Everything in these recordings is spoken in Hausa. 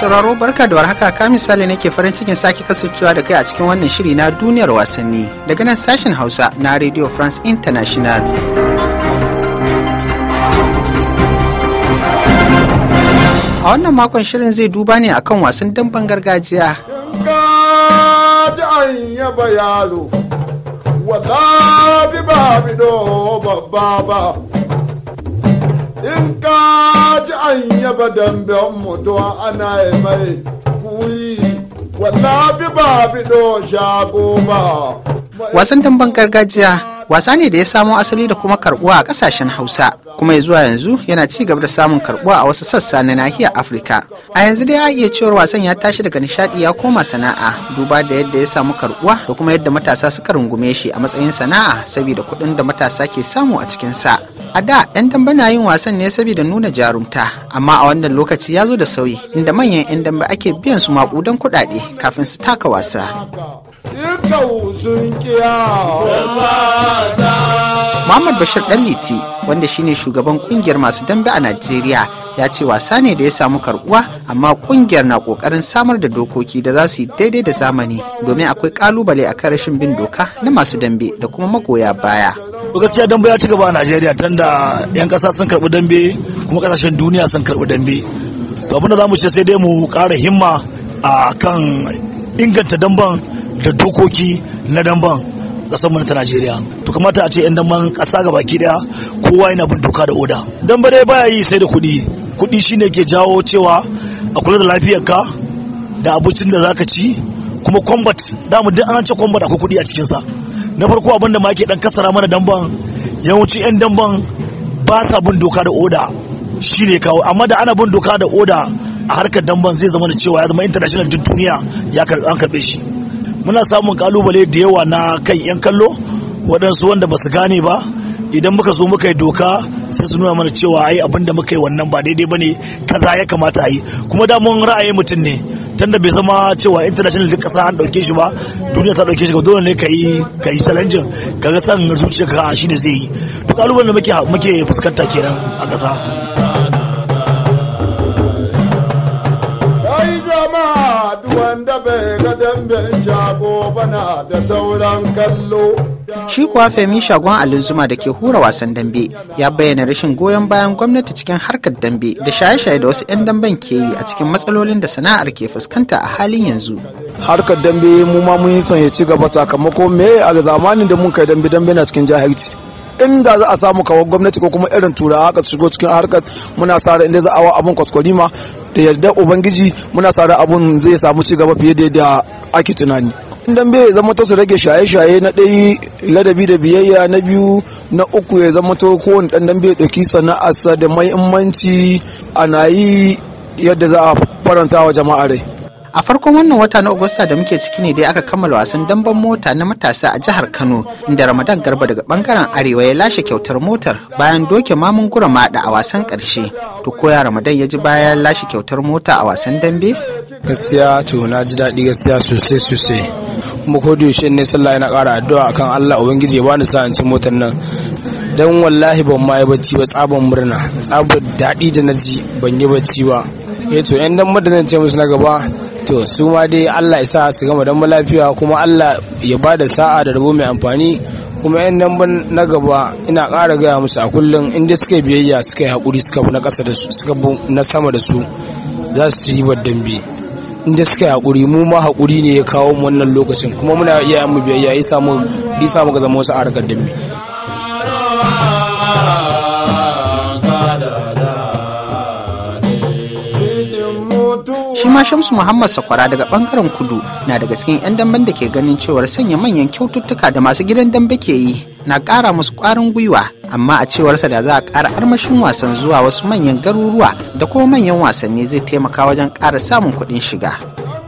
sauraro barka da warhaka ka misali nake farin cikin sake kasancewa da kai a cikin wannan shiri na duniyar wasanni daga nan sashen hausa na radio france international a wannan makon shirin zai duba ne akan wasan damben gargajiya babba in ka ji an yaba damben mutuwa ana yi mai kuyi bi ba fido shago ba wasan damben gargajiya wasa ne da ya samo asali da kuma karbuwa a kasashen hausa kuma ya zuwa yanzu yana ci gaba da samun karbuwa a wasu sassa na nahiyar afirka a yanzu dai a iya cewar wasan ya tashi daga nishadi ya koma sana'a duba da yadda ya samu karbuwa da kuma yadda matasa suka rungume shi a matsayin sana'a saboda kuɗin da matasa ke samu a cikin sa a da 'yan damba na yin wasan ne saboda nuna jarumta amma a wannan lokaci ya zo da sauyi inda manyan 'yan damba ake biyan su maƙudan kuɗaɗe kafin su taka wasa Muhammad Bashir Ɗanliti wanda shine shugaban ƙungiyar masu dambe a Najeriya ya ce wasa ne da ya samu karbuwa amma ƙungiyar na ƙoƙarin samar da dokoki da za su yi daidai da zamani domin akwai ƙalubale a kan rashin bin doka na masu dambe da kuma magoya baya. to gaskiya dambe ya ci gaba a Najeriya da yan kasa sun karbi dambe kuma kasashen duniya sun karbi dambe to abinda mu ce sai dai mu kara himma a kan inganta damban da dokoki na damban kasar mu ta Najeriya to kamata a ce yan damban kasa baki daya kowa yana bin doka da oda damba dai baya yi sai da kuɗi kuɗi shine ke jawo cewa a kula da lafiyarka da abincin da zaka ci kuma combat damu duk an ce combat akwai kuɗi a cikinsa na farko abinda ma ke dan kasara mana damban yawanci 'yan damban ba sa bin doka da oda shi ne kawo amma da ana bin doka da oda a harkar damban zai zama da cewa ya zama international duk duniya ya an karɓe shi muna samun kalubale da yawa na kan 'yan kallo waɗansu wanda ba su gane ba idan muka zo muka yi doka sai su nuna mana cewa ai abin da muka yi wannan ba daidai bane kaza ya kamata a yi kuma da mun ra'ayi mutum ne tunda bai zama cewa international duk kasa an dauke shi ba duniya ta dauke shi ba dole ne ka yi ka yi ka ga san zuciya ka shi da zai yi duk kalubalen da muke muke fuskanta kenan a kasa sai jama'a duk wanda bai ga dambe shago bana da sauran kallo Shi kuwa Femi Shagon Alizuma da ke hura wasan dambe ya bayyana rashin goyon bayan gwamnati cikin harkar dambe da shaye-shaye da wasu 'yan damben ke yi a cikin matsalolin da sana'ar ke fuskanta a halin yanzu. Harkar dambe mu ma mun yi son ya ci gaba sakamako me a zamanin da mun kai dambe dambe na cikin jahilci. inda za a samu kawo gwamnati ko kuma irin turawa haka su shigo cikin harkar muna sa inda za a wa abun kwaskwarima da yarda ubangiji muna sa abun zai samu ci gaba fiye da ake tunani. ɗan dambe ya zama to su rage shaye-shaye na ɗai ladabi da biyayya na biyu na uku ya zama to kowane ɗan dambe ya ɗauki sana'arsa da a ana yi yadda za a faranta wa jama'a rai a farkon wannan wata na agusta da muke ciki ne dai aka kammala wasan damben mota na matasa a jihar kano inda ramadan garba daga bangaren arewa ya lashe kyautar motar bayan doke mamun gura mada a wasan karshe to koya ramadan ya ji bayan lashe kyautar mota a wasan dambe gaskiya to na ji daɗi gaskiya sosai sosai kuma ko da yaushe ne sallah yana ƙara addu'a akan allah ubangiji ya bani sa'an ci motar nan dan wallahi ban ma yi bacci ba tsabar murna tsabar daɗi da na ji ban yi bacci ba eh to yan dan ce musu na gaba to su ma dai Allah ya sa su gama dambe lafiya kuma Allah ya ba da sa'a da rabo mai amfani kuma yan ban na gaba ina ƙara gaya musu a kullum inda suka biyayya suka yi haƙuri suka bu na ƙasa da su suka bu na sama da su za su ci ribar dambe inda suka yi haƙuri mu ma haƙuri ne ya kawo wannan lokacin kuma muna iya mu biyayya ya samu ga zama wasu a harkar dambe ma shamsu muhammad sakwara daga bangaren kudu na daga cikin 'yan damben da ke ganin cewar sanya manyan kyaututtuka da masu gidan dambe ke yi na kara musu ƙwarin gwiwa amma a cewarsa da za a kara armashin wasan zuwa wasu manyan garuruwa da kuma manyan wasanni zai taimaka wajen kara samun kuɗin shiga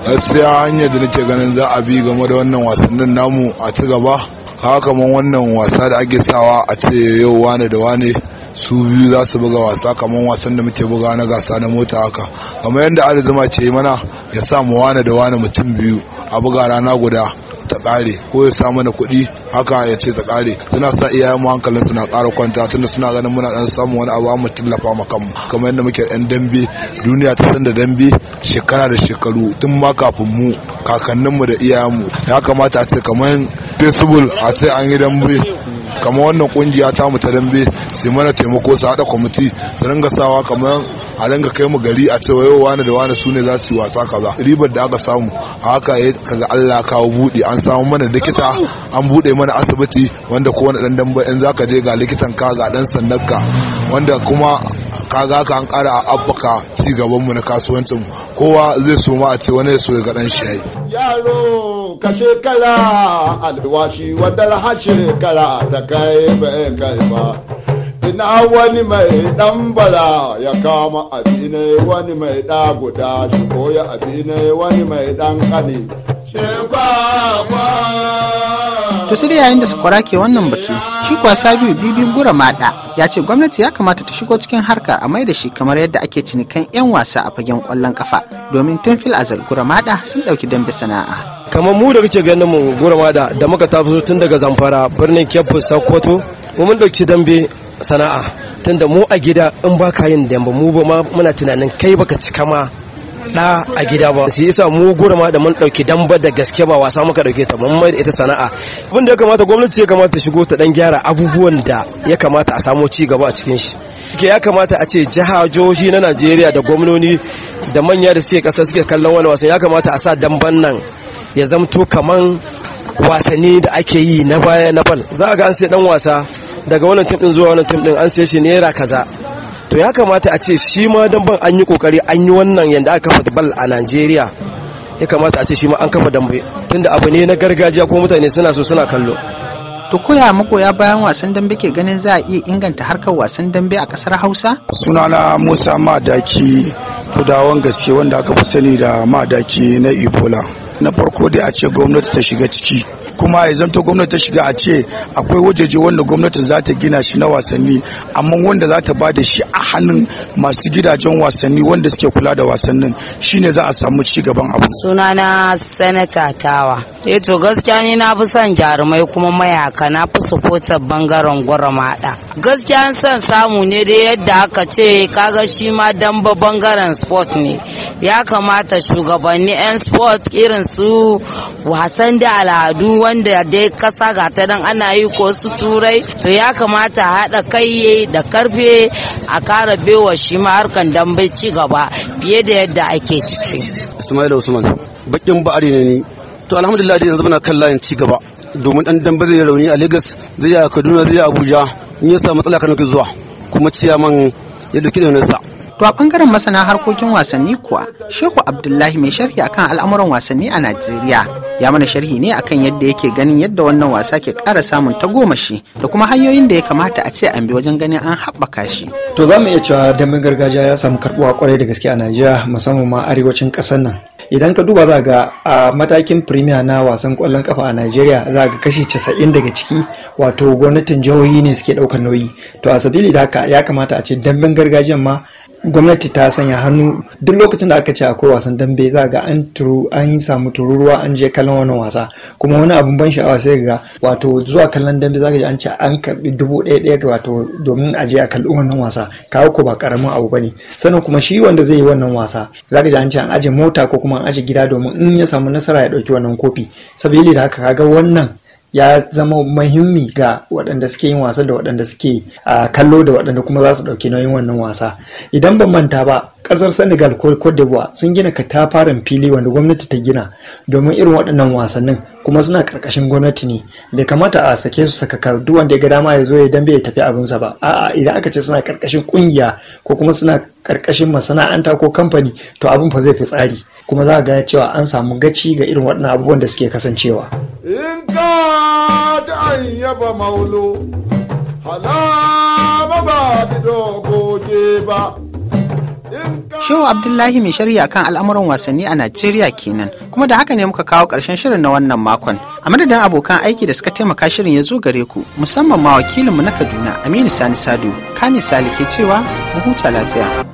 gaskiya hanyar da nake ganin za a bi game da wannan wasannin namu a ci gaba haka kamar wannan wasa da ake sawa a ce yau wane da wane su biyu za su buga wasa kamar wasan da muke buga na gasa na mota haka kamar yadda arzuma ce mana ya sa mu wane da wane mutum biyu a buga rana guda ta kare ko ya sa mana kuɗi haka ya ce ta kare suna sa iyayen mu hankalin suna ƙara kwanta tunda suna ganin muna dan samu wani abu mu tallafa ma kanmu kamar yadda muke yan dambe duniya ta san dambe shekara da shekaru tun ma kafin mu kakanninmu da iyayen mu ya kamata a ce kamar fesibul a ce an yi dambe kamar wannan kungiya ta mu ta dambe su mana taimako su haɗa kwamiti su ringa sawa kamar a ranga kai mu gari a cewa yau wani da wani sune za su yi wasa kaza ribar da aka samu a haka ya kaga Allah kawo buɗe an samu mana likita an buɗe mana asibiti wanda ko wani ɗan damba in zaka je ga likitan ka ga ɗan sandan ka wanda kuma kaga ka an ƙara abbaka ci gaban mu na kasuwancin kowa zai so ma a ce wani ya so ya ga ɗan shi yaro ka shekara alwashi wadar har kala ta kai ba kai ba ina wani mai dan Bala ya kama abine wani mai da guda shi ya abine wani mai dan kane to sai yayin da sakwara ke wannan batu shi kwa sabiu bibi gura mada ya ce gwamnati ya kamata ta shigo cikin harka a mai da shi kamar yadda ake cini kan 'yan wasa a fagen kwallon kafa domin tun fil azal gura mada sun dauki dambe sana'a kamar mu da kake ganin mu gura mada da muka tafi tun daga zamfara birnin kebbi sokoto mu mun dauki dambe sana'a tunda mu a gida in ba ka yin damba mu ba muna tunanin kai baka cika ma da a gida ba su yasa mu gura ma da mun dauki damba da gaske ba wasa muka dauke ta mun mai ita sana'a abin da ya kamata gwamnati ya kamata shigo ta dan gyara abubuwan da ya kamata a samo ci gaba a cikin shi ke ya kamata a ce jihajoji na Najeriya da gwamnoni da manya da suke kasa suke kallon wani wasan ya kamata a sa damban nan ya zamto kaman wasanni da ake yi na baya na bal za a ga an sai dan wasa daga wannan tim din zuwa wannan tim din an siya shi naira kaza to ya kamata a ce shi ma dan ban an yi kokari an yi wannan yanda aka kafa a Najeriya ya kamata a ce shi ma an kafa dambe tunda abu ne na gargajiya ko mutane suna so suna kallo to koya makoya bayan wasan dambe ke ganin za a iya inganta harkar wasan dambe a kasar hausa Suna sunana musa madaki kudawan gaske wanda aka fi sani da madaki na ebola na farko dai a ce gwamnati ta shiga ciki kuma ya zanto gwamnati ta shiga a ce akwai wajeje wanda gwamnati za ta gina shi na wasanni amma wanda za ta ba da shi a hannun masu gidajen wasanni wanda suke kula da wasannin shine za a samu ci gaban abu na sanata tawa eh to gaskiya ni na fi son jarumai kuma mayaka na fi supportar bangaren gwaramada gaskiya san samu ne da yadda aka ce kaga shi ma damba bangaren sport ne ya kamata shugabanni 'yan sport irin su wasan da al'adu wanda dai kasa ga ta nan ana yi ko su turai to ya kamata haɗa kai da karfe a kara bewa shi ma harkan dambe ci gaba fiye da yadda ake ciki ismail usman bakin ba'ari ne ni to alhamdulillah dai yanzu muna kan layin ci gaba domin dan dambe zai rauni a lagos zai a kaduna zai a abuja in ya samu matsala kan zuwa kuma ciyaman ya duki da nasa To a bangaren masana harkokin wasanni kuwa, Shehu Abdullahi mai sharhi akan al'amuran wasanni a Najeriya ya mana sharhi ne akan yadda yake ganin yadda wannan wasa ke ƙara samun tagomashi da kuma hanyoyin da ya kamata a ce an bi wajen ganin an haɓaka shi. To za mu iya cewa damben gargajiya ya samu karɓuwa kwarai da gaske a Najeriya musamman ma arewacin ƙasar nan. Idan ka duba za ga a matakin firimiya na wasan ƙwallon ƙafa a Najeriya za ga kashi casa'in daga ciki wato gwamnatin jihohi ne suke ɗaukar nauyi. To a sabili da haka ya kamata a ce damben gargajiyan ma gwamnati ta sanya hannu duk lokacin da aka ce akwai wasan dambe za ga an turu an samu tururuwa an je kallon wannan wasa kuma wani abun ban sha'awa sai ga wato zuwa kallon dambe za ka an ce an karbi dubu ɗaya ɗaya wato domin a je a kalli wannan wasa kawo ko ba karamin abu bane sannan kuma shi wanda zai yi wannan wasa za ka an ce an aje mota ko kuma an aje gida domin in ya samu nasara ya ɗauki wannan kofi sabili da haka ga wannan ya zama muhimmi ga waɗanda suke yin wasa da waɗanda suke a kallo da waɗanda kuma za su ɗauki nauyin wannan wasa idan ban manta ba ƙasar senegal ko cote d'ivoire sun gina katafaren fili wanda gwamnati ta gina domin irin waɗannan wasannin kuma suna ƙarƙashin gwamnati ne bai kamata a sake su saka duk wanda ya ga dama ya zo ya dambe ya tafi abinsa ba a'a idan aka ce suna ƙarƙashin ƙungiya ko kuma suna ƙarƙashin masana'anta ko kamfani to abin fa zai fi tsari kuma za ga cewa an samu gaci ga irin waɗannan abubuwan da suke kasancewa. in ka ci an yaba maulo halama ba goge ba Shehu Abdullahi mai shari'a kan al'amuran wasanni a Najeriya kenan kuma da haka ne muka kawo ƙarshen shirin na wannan makon. A madadin abokan aiki da suka taimaka shirin ya zo gare ku musamman ma wakilinmu na Kaduna Aminu Sani Sadu, Kani Salike cewa mu huta lafiya.